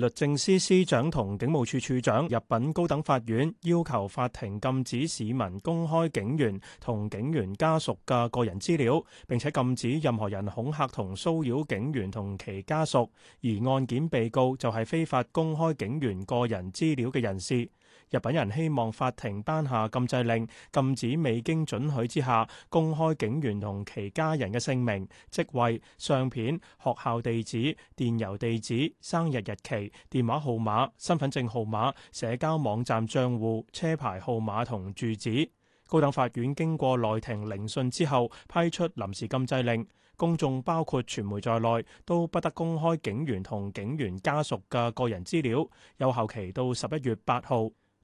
律政司司長同警務處處長入稟高等法院，要求法庭禁止市民公開警員同警員家屬嘅個人資料，並且禁止任何人恐嚇同騷擾警員同其家屬。而案件被告就係非法公開警員個人資料嘅人士。日本人希望法庭頒下禁制令，禁止未經准許之下公開警員同其家人嘅姓名、職位、相片、學校地址、電郵地址、生日日期、電話號碼、身份證號碼、社交網站賬戶、車牌號碼同住址。高等法院經過內庭聆訊之後，批出臨時禁制令，公眾包括傳媒在內都不得公開警員同警員家屬嘅個人資料，有效期到十一月八號。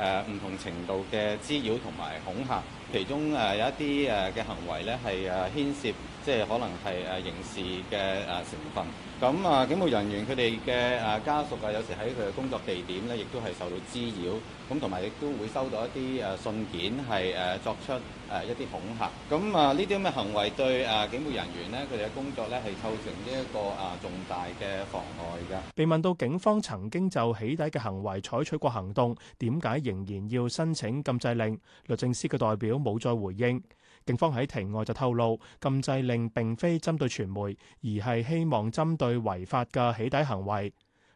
誒唔同程度嘅滋擾同埋恐嚇，其中誒有一啲誒嘅行為咧係誒牽涉，即係可能係誒刑事嘅誒成分。咁啊，警務人員佢哋嘅誒家屬啊，有時喺佢嘅工作地點咧，亦都係受到滋擾。咁同埋亦都會收到一啲誒信件，係誒作出。誒一啲恐嚇，咁啊，呢啲咁嘅行為對誒警務人員呢，佢哋嘅工作呢係構成呢一個啊重大嘅妨礙㗎。被問到警方曾經就起底嘅行為採取過行動，點解仍然要申請禁制令？律政司嘅代表冇再回應。警方喺庭外就透露，禁制令並非針對傳媒，而係希望針對違法嘅起底行為。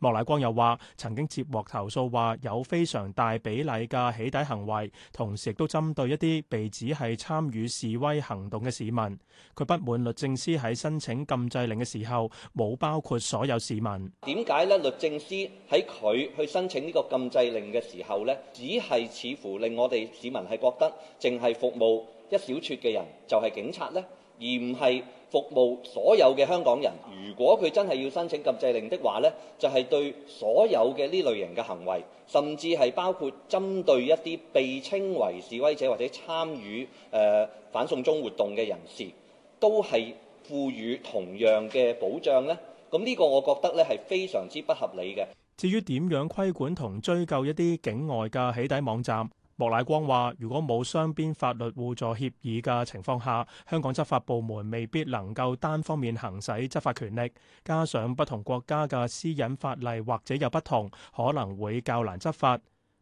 莫乃光又話：曾經接獲投訴，話有非常大比例嘅起底行為，同時亦都針對一啲被指係參與示威行動嘅市民。佢不滿律政司喺申請禁制令嘅時候冇包括所有市民。點解咧？律政司喺佢去申請呢個禁制令嘅時候咧，只係似乎令我哋市民係覺得，淨係服務一小撮嘅人就係警察呢？而唔係服務所有嘅香港人。如果佢真係要申請禁制令的話呢，就係對所有嘅呢類型嘅行為，甚至係包括針對一啲被稱為示威者或者參與誒反送中活動嘅人士，都係賦予同樣嘅保障呢，咁呢個我覺得呢係非常之不合理嘅。至於點樣規管同追究一啲境外嘅起底網站？莫乃光話：如果冇雙邊法律互助協議嘅情況下，香港執法部門未必能夠單方面行使執法權力。加上不同國家嘅私隱法例或者有不同，可能會較難執法。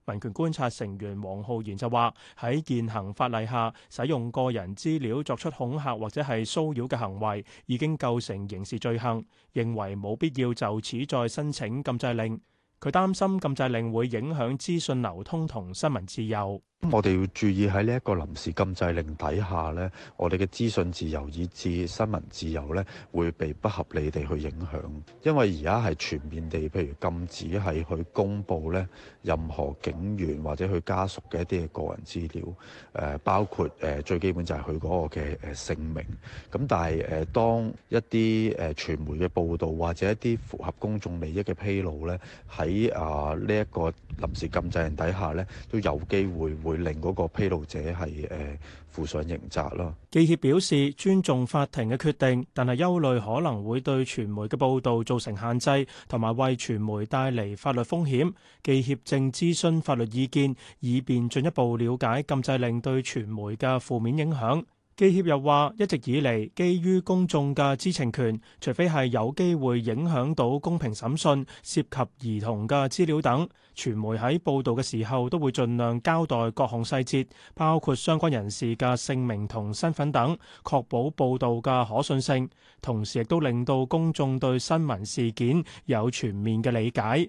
民權觀察成員黃浩然就話：喺現行法例下，使用個人資料作出恐嚇或者係騷擾嘅行為，已經構成刑事罪行，認為冇必要就此再申請禁制令。佢擔心禁制令會影響資訊流通同新聞自由。咁我哋要注意喺呢一個臨時禁制令底下咧，我哋嘅資訊自由以至新聞自由咧，會被不合理地去影響，因為而家係全面地，譬如禁止係去公布咧任何警員或者佢家屬嘅一啲嘅個人資料，誒包括誒最基本就係佢嗰個嘅誒姓名。咁但係誒當一啲誒傳媒嘅報道或者一啲符合公眾利益嘅披露咧，喺啊呢一個臨時禁制令底下咧，都有機會會。令嗰個披露者係誒負上刑責咯。記協表示尊重法庭嘅決定，但係憂慮可能會對傳媒嘅報導造成限制，同埋為傳媒帶嚟法律風險。記協正諮詢法律意見，以便進一步了解禁制令對傳媒嘅負面影響。記協又話：一直以嚟，基於公眾嘅知情權，除非係有機會影響到公平審訊、涉及兒童嘅資料等，傳媒喺報導嘅時候都會盡量交代各項細節，包括相關人士嘅姓名同身份等，確保報導嘅可信性，同時亦都令到公眾對新聞事件有全面嘅理解。